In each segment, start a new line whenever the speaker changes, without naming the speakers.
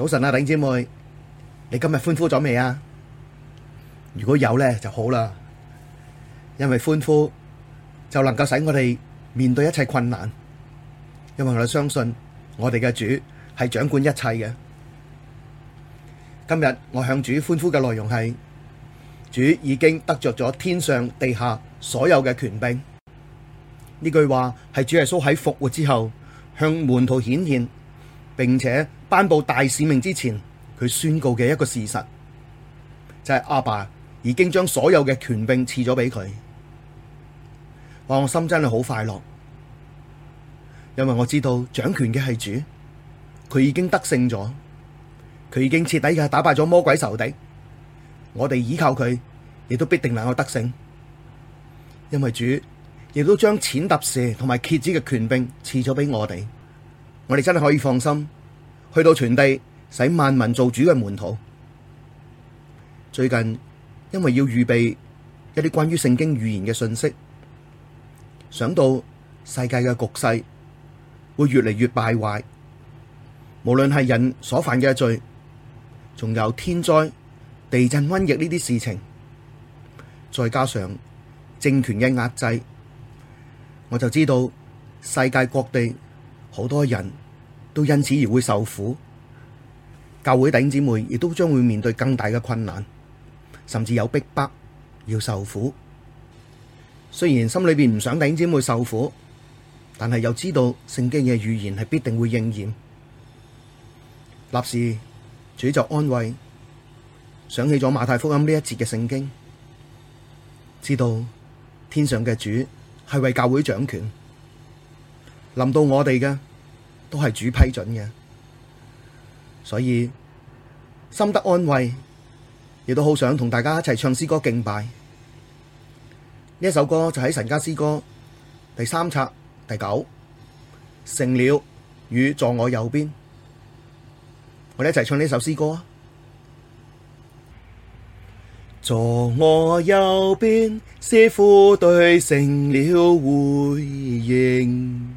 早晨啊，頂姐妹，你今日歡呼咗未啊？如果有咧就好啦，因為歡呼就能夠使我哋面對一切困難，因為我哋相信我哋嘅主係掌管一切嘅。今日我向主歡呼嘅內容係，主已經得着咗天上地下所有嘅權柄。呢句話係主耶穌喺復活之後向門徒顯現，並且。頒布大使命之前，佢宣告嘅一個事實就係、是、阿爸已經將所有嘅權柄賜咗俾佢，話我心真係好快樂，因為我知道掌權嘅係主，佢已經得勝咗，佢已經徹底嘅打敗咗魔鬼仇敵，我哋依靠佢，亦都必定能夠得勝，因為主亦都將踐踏蛇同埋蠍子嘅權柄賜咗俾我哋，我哋真係可以放心。去到全地，使萬民做主嘅門徒。最近因為要預備一啲關於聖經預言嘅信息，想到世界嘅局勢會越嚟越敗壞，無論係人所犯嘅罪，仲有天災、地震、瘟疫呢啲事情，再加上政權嘅壓制，我就知道世界各地好多人。都因此而會受苦，教會弟兄姊妹亦都將會面對更大嘅困難，甚至有逼迫，要受苦。雖然心裏邊唔想弟兄姊妹受苦，但係又知道聖經嘅預言係必定會應驗。立時，主就安慰，想起咗馬太福音呢一節嘅聖經，知道天上嘅主係為教會掌權，臨到我哋嘅。都係主批准嘅，所以心得安慰，亦都好想同大家一齊唱詩歌敬拜。呢一首歌就喺《神家詩歌》第三冊第九，成了與坐我右邊，我哋一齊唱呢首詩歌啊！坐
我右邊，是父對成了回應。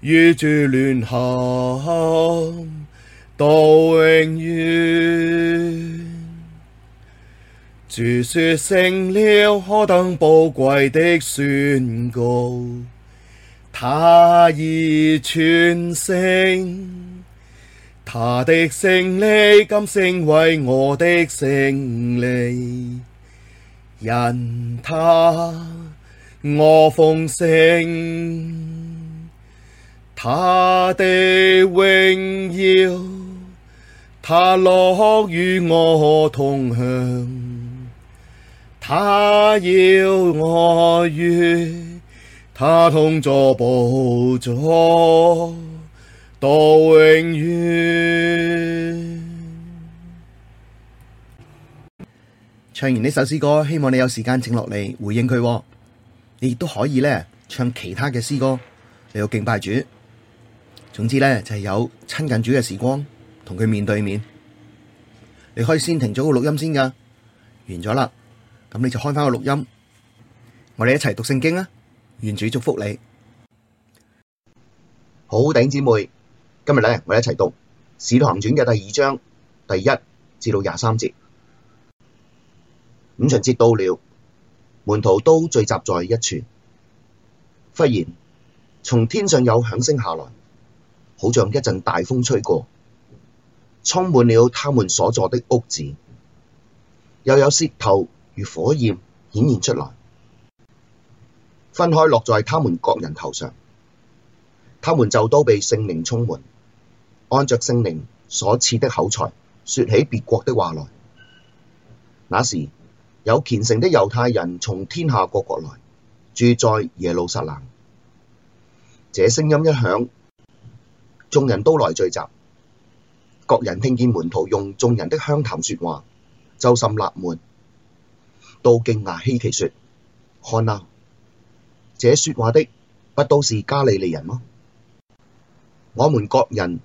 與主聯合到永遠，主說成了！何等寶貴的宣告。祂已全勝！祂的勝利今成為我的勝利，因祂我豐盛。他的榮耀，他樂與我同享；他要我與他同坐寶座到永遠。
唱完呢首詩歌，希望你有時間靜落嚟回應佢、哦。你亦都可以咧唱其他嘅詩歌嚟到敬拜主。總之咧就係、是、有親近主嘅時光，同佢面對面。你可以先停咗個錄音先噶，完咗啦，咁你就開翻個錄音，我哋一齊讀聖經啊！願主祝福你，好頂姊妹。今日咧，我哋一齊讀《使徒行傳》嘅第二章第一至到廿三節。五旬節到了，門徒都聚集在一處，忽然從天上有響聲下來。好像一陣大風吹過，充滿了他們所坐的屋子，又有舌頭如火焰顯現出來，分開落在他們各人頭上，他們就都被聖靈充滿，按着聖靈所賜的口才，說起別國的話來。那時有虔誠的猶太人從天下各國來，住在耶路撒冷。這聲音一響，眾人都來聚集，各人聽見門徒用眾人的鄉談説話，就甚納悶，都驚訝希奇，奇，説：看啊，這説話的不都是加利利人嗎？我們各人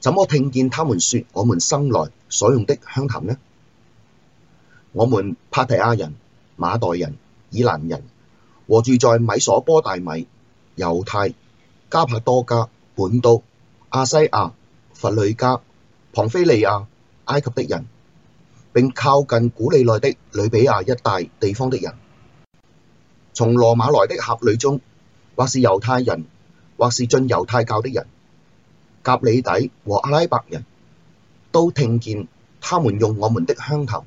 怎麼聽見他們説我們生來所用的鄉談呢？我們帕提亞人、瑪代人、以攔人和住在米所波大米、猶太、加帕多家、本都。亞西亞、弗呂家、旁非利亞、埃及的人，並靠近古利奈的呂彼亞一帶地方的人，從羅馬來的客旅中，或是猶太人，或是進猶太教的人，革哩底和亞拉伯人，都聽見他們用我們的鄉談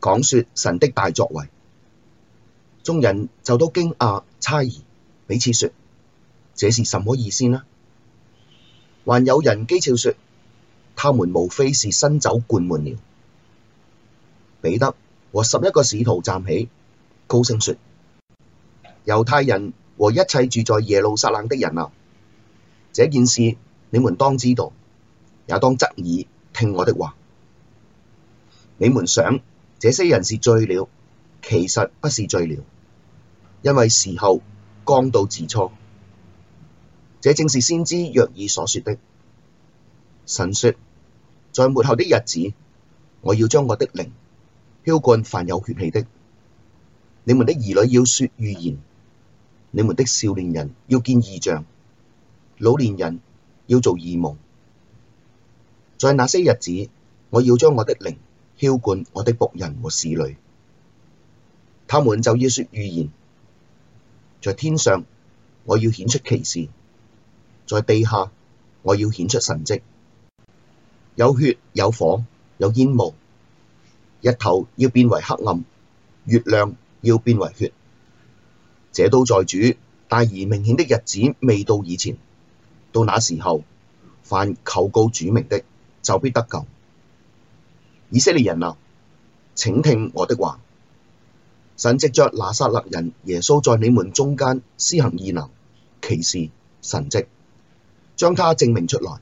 講説神的大作為，眾人就都驚訝猜疑，彼此説：這是什麼意思呢？還有人譏誚說，他們無非是新酒灌滿了。彼得和十一個使徒站起，高聲說：猶太人和一切住在耶路撒冷的人哪，這件事你們當知道，也當側耳聽我的話。你們想這些人是醉了，其實不是醉了，因為時候剛到巳初。這正是先知約珥所說的。神說：在末後的日子，我要將我的靈澆灌凡有血氣的。你們的兒女要說預言，你們的少年人要見異象，老年人要做異夢。在那些日子，我要將我的靈澆灌我的僕人和使女，他們就要說預言。在天上，我要顯出奇事。在地下，我要顯出神蹟，有血、有火、有煙霧，日頭要變為黑暗，月亮要變為血。這都在主大而明顯的日子未到以前，到那時候，凡求告主名的就必得救。以色列人啊，請聽我的話，神藉着拿撒勒人耶穌在你們中間施行異能、奇事、神蹟。將他證明出來，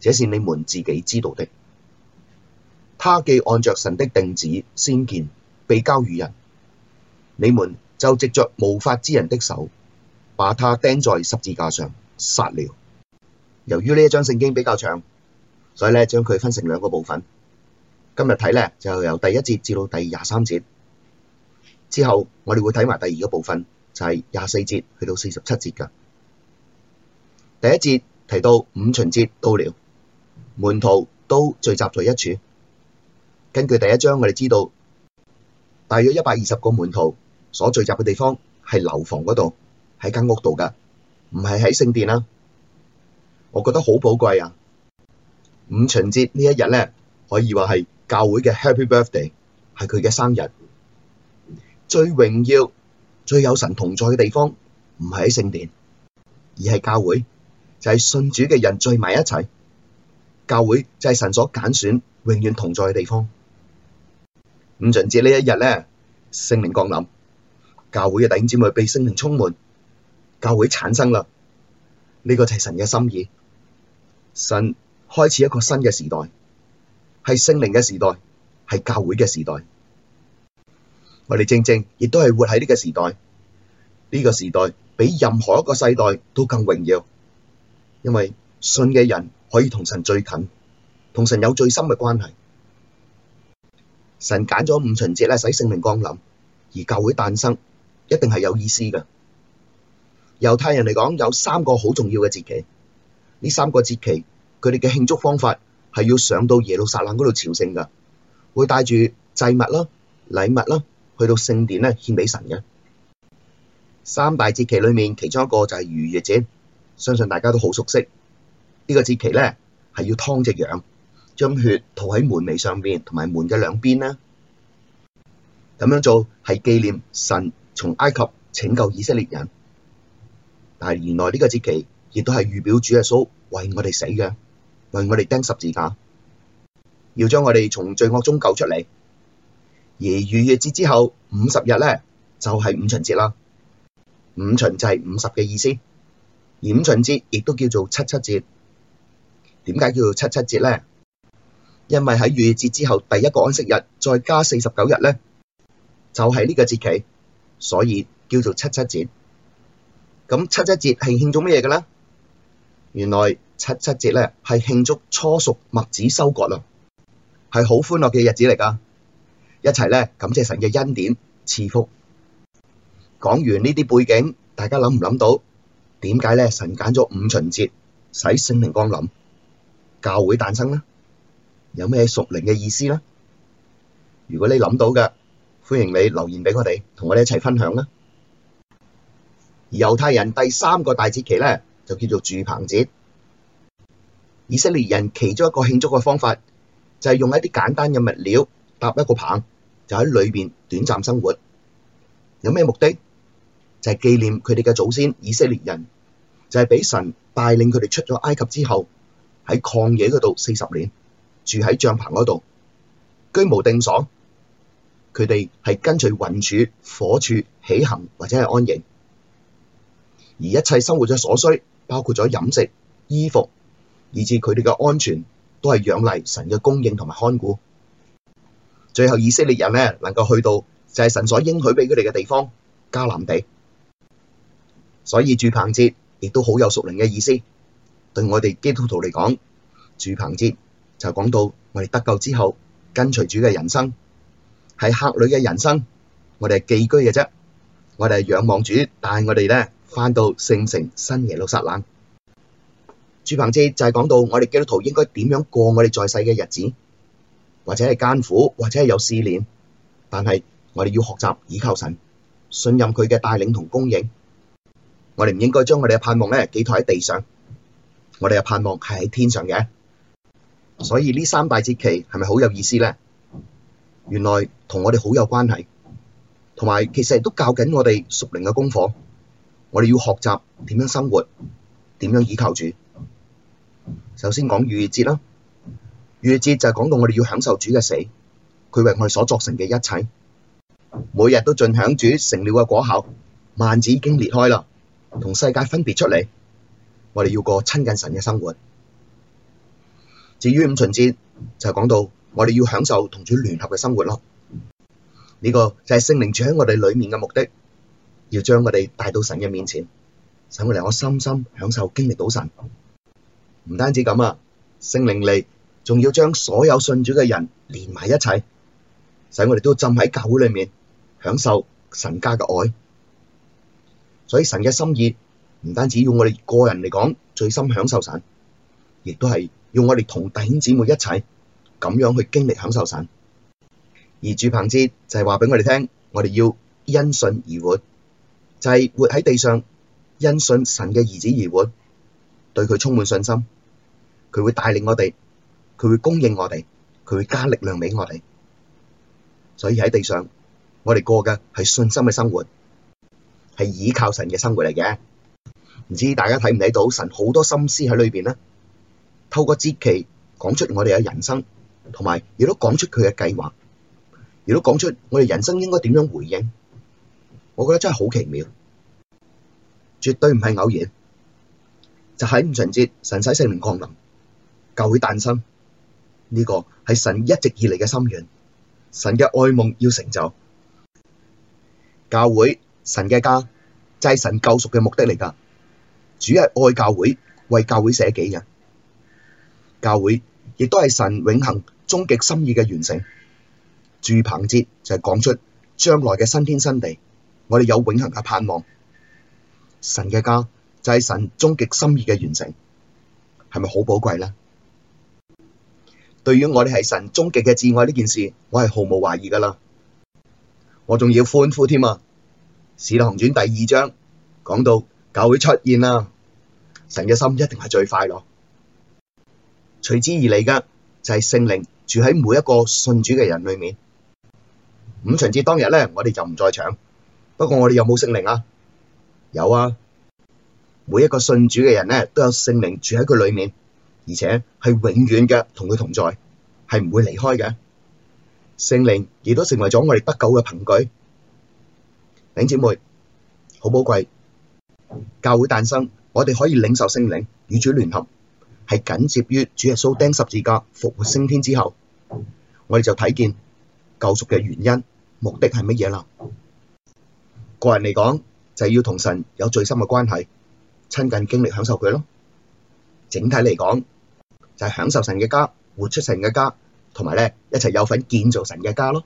這是你們自己知道的。他既按着神的定旨先見，被交與人，你們就藉着無法之人的手，把他釘在十字架上，殺了。由於呢一張聖經比較長，所以呢將佢分成兩個部分。今日睇呢，就由第一節至到第廿三節，之後我哋會睇埋第二個部分，就係廿四節去到四十七節噶。第一節提到五旬節到了，門徒都聚集在一處。根據第一章，我哋知道大約一百二十個門徒所聚集嘅地方係樓房嗰度，喺間屋度㗎，唔係喺聖殿啊。我覺得好寶貴啊！五旬節呢一日呢，可以話係教會嘅 Happy Birthday，係佢嘅生日，最榮耀、最有神同在嘅地方，唔係喺聖殿，而係教會。就係信主嘅人聚埋一齊，教會就係神所揀選永遠同在嘅地方。五旬節呢一日咧，聖靈降臨，教會嘅弟兄姊妹被聖靈充滿，教會產生啦。呢、這個就係神嘅心意，神開始一個新嘅時代，係聖靈嘅時代，係教會嘅時代。我哋正正亦都係活喺呢個時代，呢、這個時代比任何一個世代都更榮耀。因為信嘅人可以同神最近，同神有最深嘅關係。神揀咗五旬節咧，使聖靈降臨，而教會誕生一定係有意思㗎。猶太人嚟講有三個好重要嘅節期，呢三個節期佢哋嘅慶祝方法係要上到耶路撒冷嗰度朝聖㗎，會帶住祭物啦、禮物啦去到聖殿咧，獻俾神嘅。三大節期裏面，其中一個就係逾越節。相信大家都好熟悉，呢個節期咧，係要劏隻羊，將血塗喺門楣上邊同埋門嘅兩邊啦。咁樣做係紀念神從埃及拯救以色列人，但係原來呢個節期亦都係預表主耶穌為我哋死嘅，為我哋釘十字架，要將我哋從罪惡中救出嚟。而逾越節之後五十日咧，就係五旬節啦。五旬就係五十嘅意思。五旬節，亦都叫做七七節。點解叫做七七節咧？因為喺月節之後第一個安息日，再加四十九日咧，就係呢個節期，所以叫做七七節。咁七七節係慶祝乜嘢噶啦？原來七七節咧係慶祝初熟麥子收割啦，係好歡樂嘅日子嚟噶，一齊咧感謝神嘅恩典賜福。講完呢啲背景，大家諗唔諗到？點解咧？神揀咗五旬節使聖靈光臨，教會誕生咧？有咩屬靈嘅意思咧？如果你諗到嘅，歡迎你留言俾我哋，同我哋一齊分享啦。猶太人第三個大節期咧，就叫做住棚節。以色列人其中一個慶祝嘅方法，就係、是、用一啲簡單嘅物料搭一個棚，就喺裏邊短暫生活。有咩目的？就係紀念佢哋嘅祖先以色列人，就係俾神帶領佢哋出咗埃及之後，喺曠野嗰度四十年住喺帳棚嗰度居無定所。佢哋係跟隨雲柱火柱起行或者係安營，而一切生活嘅所需，包括咗飲食、衣服，以至佢哋嘅安全，都係仰賴神嘅供應同埋看顧。最後，以色列人呢能夠去到就係神所應許俾佢哋嘅地方迦南地。所以住棚節亦都好有熟靈嘅意思，對我哋基督徒嚟講，住棚節就講到我哋得救之後跟隨主嘅人生係客旅嘅人生，我哋係寄居嘅啫，我哋係仰望主，但係我哋呢返到聖城新耶路撒冷。住棚節就係講到我哋基督徒應該點樣過我哋在世嘅日子，或者係艱苦，或者係有試煉，但係我哋要學習倚靠神，信任佢嘅帶領同供應。我哋唔應該將我哋嘅盼望咧寄託喺地上，我哋嘅盼望係喺天上嘅。所以呢三大節期係咪好有意思咧？原來同我哋好有關係，同埋其實都教緊我哋屬靈嘅功課。我哋要學習點樣生活，點樣倚靠主。首先講逾越節啦，逾越節就係講到我哋要享受主嘅死，佢為我哋所作成嘅一切，每日都盡享主成了嘅果效，幔子已經裂開啦。同世界分別出嚟，我哋要過親近神嘅生活。至於五旬節就係、是、講到我哋要享受同主聯合嘅生活咯。呢、這個就係聖靈住喺我哋裏面嘅目的，要將我哋帶到神嘅面前，使我哋可深深享受經歷到神。唔單止咁啊，聖靈嚟仲要將所有信主嘅人連埋一齊，使我哋都浸喺教會裏面，享受神家嘅愛。所以神嘅心意唔單止要我哋個人嚟講，最深享受神，亦都係要我哋同弟兄姊妹一齊咁樣去經歷享受神。而住棚節就係話畀我哋聽，我哋要因信而活，就係、是、活喺地上，因信神嘅兒子而活，對佢充滿信心，佢會帶領我哋，佢會供應我哋，佢會加力量畀我哋。所以喺地上，我哋過嘅係信心嘅生活。係依靠神嘅生活嚟嘅，唔知大家睇唔睇到神好多心思喺裏邊呢？透過節期講出我哋嘅人生，同埋亦都講出佢嘅計劃，亦都講出我哋人生應該點樣回應。我覺得真係好奇妙，絕對唔係偶然。就喺五旬節，神使聖靈降臨，教會誕生。呢個係神一直以嚟嘅心願，神嘅愛夢要成就教會。神嘅家就係、是、神救贖嘅目的嚟噶，主係愛教會、為教會捨己嘅教會，亦都係神永恆終極心意嘅完成。住棚節就係、是、講出將來嘅新天新地，我哋有永恆嘅盼望。神嘅家就係、是、神終極心意嘅完成，係咪好寶貴咧？對於我哋係神終極嘅摯愛呢件事，我係毫無懷疑噶啦。我仲要歡呼添啊！《使徒行傳》第二章講到，教會出現啦，神嘅心一定係最快樂。隨之而嚟嘅就係聖靈住喺每一個信主嘅人裏面。五旬節當日咧，我哋就唔在場。不過我哋有冇聖靈啊？有啊！每一個信主嘅人咧，都有聖靈住喺佢裏面，而且係永遠嘅同佢同在，係唔會離開嘅。聖靈亦都成為咗我哋得救嘅憑據。領姐妹，好寶貴，教會誕生，我哋可以領受聖靈，與主聯合，係緊接於主耶穌釘十字架、復活升天之後，我哋就睇見救贖嘅原因、目的係乜嘢啦。個人嚟講，就係要同神有最深嘅關係，親近、經歷、享受佢咯。整體嚟講，就係、是、享受神嘅家，活出神嘅家，同埋呢一齊有份建造神嘅家咯。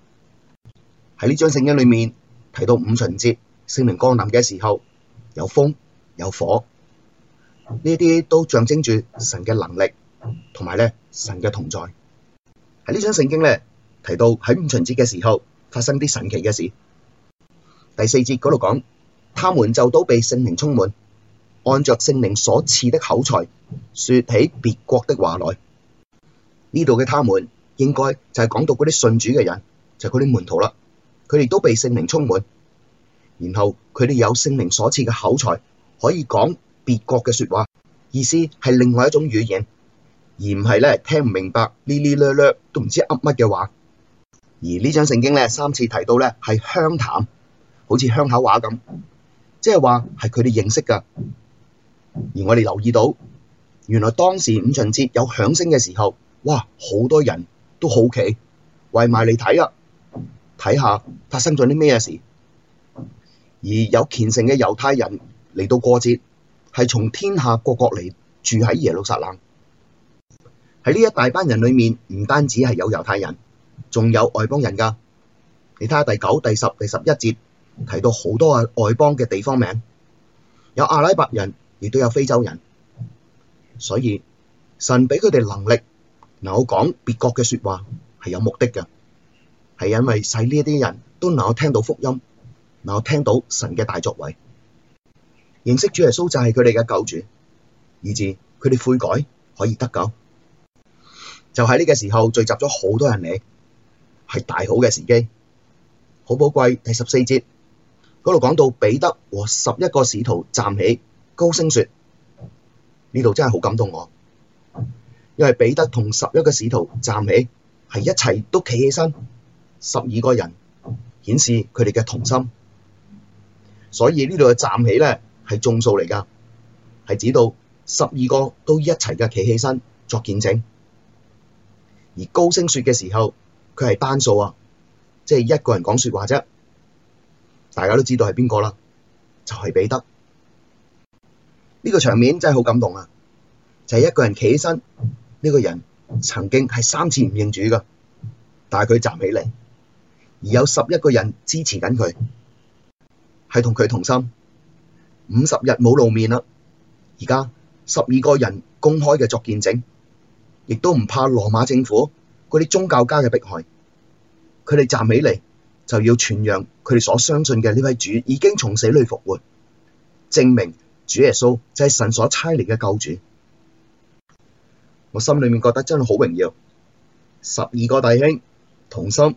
喺呢張聖經裏面。提到五旬節，聖靈光臨嘅時候，有風有火，呢啲都象徵住神嘅能力同埋咧神嘅同在。喺呢章聖經咧提到喺五旬節嘅時候發生啲神奇嘅事。第四節嗰度講，他們就都被聖靈充滿，按着聖靈所賜的口才說起別國的話來。呢度嘅他們應該就係講到嗰啲信主嘅人，就係嗰啲門徒啦。佢哋都被聖靈充滿，然後佢哋有聖靈所賜嘅口才，可以講別國嘅説話，意思係另外一種語言，而唔係咧聽唔明白呢呢略略，都唔知噏乜嘅話。而呢張聖經咧三次提到咧係鄉談，好似鄉口話咁，即係話係佢哋認識噶。而我哋留意到，原來當時五旬節有響聲嘅時候，哇！好多人都好奇圍埋你睇啦。睇下發生咗啲咩事，而有虔誠嘅猶太人嚟到過節，係從天下各國嚟，住喺耶路撒冷。喺呢一大班人裏面，唔單止係有猶太人，仲有外邦人㗎。你睇下第九、第十、第十一節提到好多啊外邦嘅地方名，有阿拉伯人，亦都有非洲人。所以神俾佢哋能力，嗱，我講別國嘅説話係有目的㗎。係因為使呢啲人都能夠聽到福音，能夠聽到神嘅大作為，認識主耶穌就係佢哋嘅救主，以至佢哋悔改可以得救。就喺呢個時候聚集咗好多人嚟，係大好嘅時機，好寶貴。第十四節嗰度講到彼得和十一個使徒站起，高聲說，呢度真係好感動我，因為彼得同十一個使徒站起，係一齊都企起身。十二個人顯示佢哋嘅同心，所以呢度嘅站起咧係眾數嚟㗎，係指到十二個都一齊嘅企起身作見證。而高聲説嘅時候，佢係單數啊，即係一個人講説話啫。大家都知道係邊個啦，就係彼得。呢個場面真係好感動啊！就係一個人企起身，呢個人曾經係三次唔認主㗎，但係佢站起嚟。而有十一個人支持緊佢，係同佢同心。五十日冇露面啦，而家十二個人公開嘅作見證，亦都唔怕羅馬政府嗰啲宗教家嘅迫害。佢哋站起嚟就要傳揚佢哋所相信嘅呢位主已經從死裏復活，證明主耶穌就係神所差嚟嘅救主。我心裏面覺得真係好榮耀，十二個弟兄同心。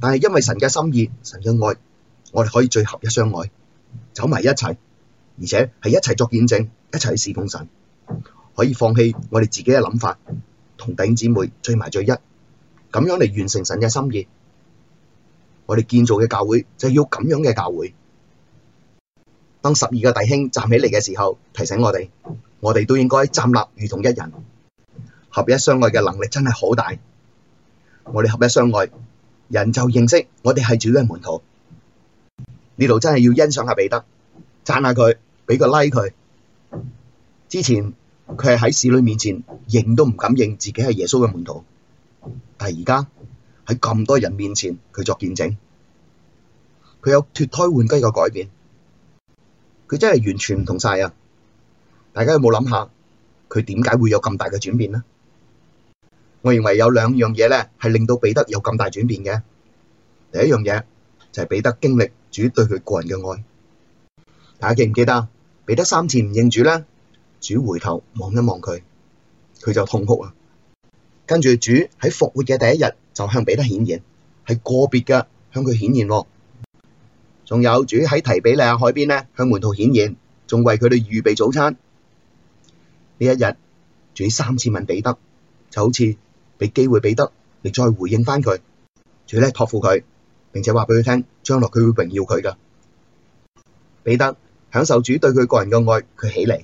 但係因為神嘅心意、神嘅愛，我哋可以最合一相愛，走埋一齊，而且係一齊作見證，一齊侍奉神，可以放棄我哋自己嘅諗法，同弟兄姊妹聚埋在最一，咁樣嚟完成神嘅心意。我哋建造嘅教會就要咁樣嘅教會。當十二個弟兄站起嚟嘅時候，提醒我哋，我哋都應該站立如同一人，合一相愛嘅能力真係好大。我哋合一相愛。人就認識我哋係主嘅門徒，呢度真係要欣賞下彼得，讚下佢，畀個 like 佢。之前佢係喺使女面前認都唔敢認自己係耶穌嘅門徒，但係而家喺咁多人面前，佢作見證，佢有脫胎換雞嘅改變，佢真係完全唔同晒啊！大家有冇諗下佢點解會有咁大嘅轉變呢？我認為有兩樣嘢咧，係令到彼得有咁大轉變嘅。第一樣嘢就係、是、彼得經歷主對佢個人嘅愛。大家記唔記得彼得三次唔應主，唔認主咧，主回頭望一望佢，佢就痛哭啊。跟住主喺復活嘅第一日就向彼得顯現，係個別嘅向佢顯現喎。仲有主喺提比利亞海邊咧，向門徒顯現，仲為佢哋預備早餐。呢一日主三次問彼得，就好似。俾機會彼得你再回應返佢，仲要託付佢，並且話畀佢聽，將來佢會榮耀佢㗎。彼得享受主對佢個人嘅愛，佢起嚟，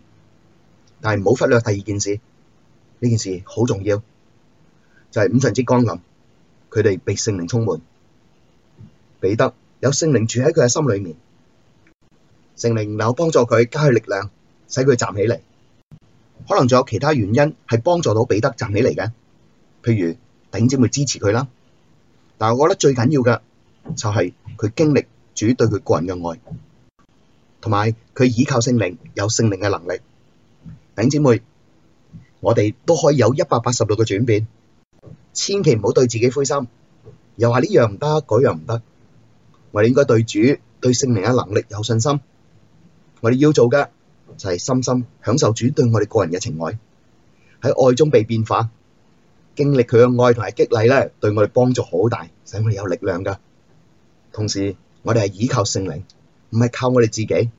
但係唔好忽略第二件事，呢件事好重要，就係、是、五旬節降臨，佢哋被聖靈充滿，彼得有聖靈住喺佢嘅心裏面，聖靈能夠幫助佢加佢力量，使佢站起嚟。可能仲有其他原因係幫助到彼得站起嚟嘅。譬如頂姐妹支持佢啦，但係我覺得最緊要嘅就係、是、佢經歷主對佢個人嘅愛，同埋佢倚靠聖靈，有聖靈嘅能力。頂姐妹，我哋都可以有一百八十度嘅轉變，千祈唔好對自己灰心，又話呢樣唔得，嗰樣唔得。我哋應該對主對聖靈嘅能力有信心。我哋要做嘅就係、是、深深享受主對我哋個人嘅情愛，喺愛中被變化。經歷佢嘅愛同埋激勵咧，對我哋幫助好大，使我哋有力量噶。同時，我哋係倚靠聖靈，唔係靠我哋自己。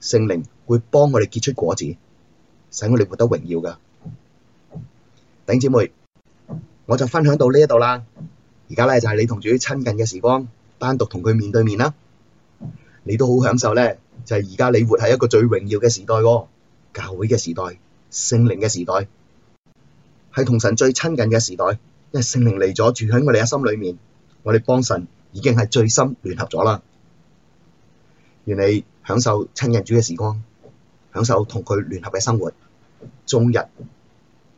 聖靈會幫我哋結出果子，使我哋活得榮耀噶。弟 姐妹，我就分享到呢一度啦。而家咧就係、是、你同主親近嘅時光，單獨同佢面對面啦。你都好享受咧，就係而家你活喺一個最榮耀嘅時代、哦，教會嘅時代，聖靈嘅時代。係同神最親近嘅時代，因為聖靈嚟咗，住喺我哋嘅心裏面，我哋幫神已經係最深聯合咗啦。願你享受親人主嘅時光，享受同佢聯合嘅生活，終日、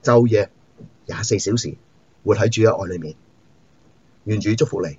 晝夜、廿四小時活喺主嘅愛裏面。願主祝福你。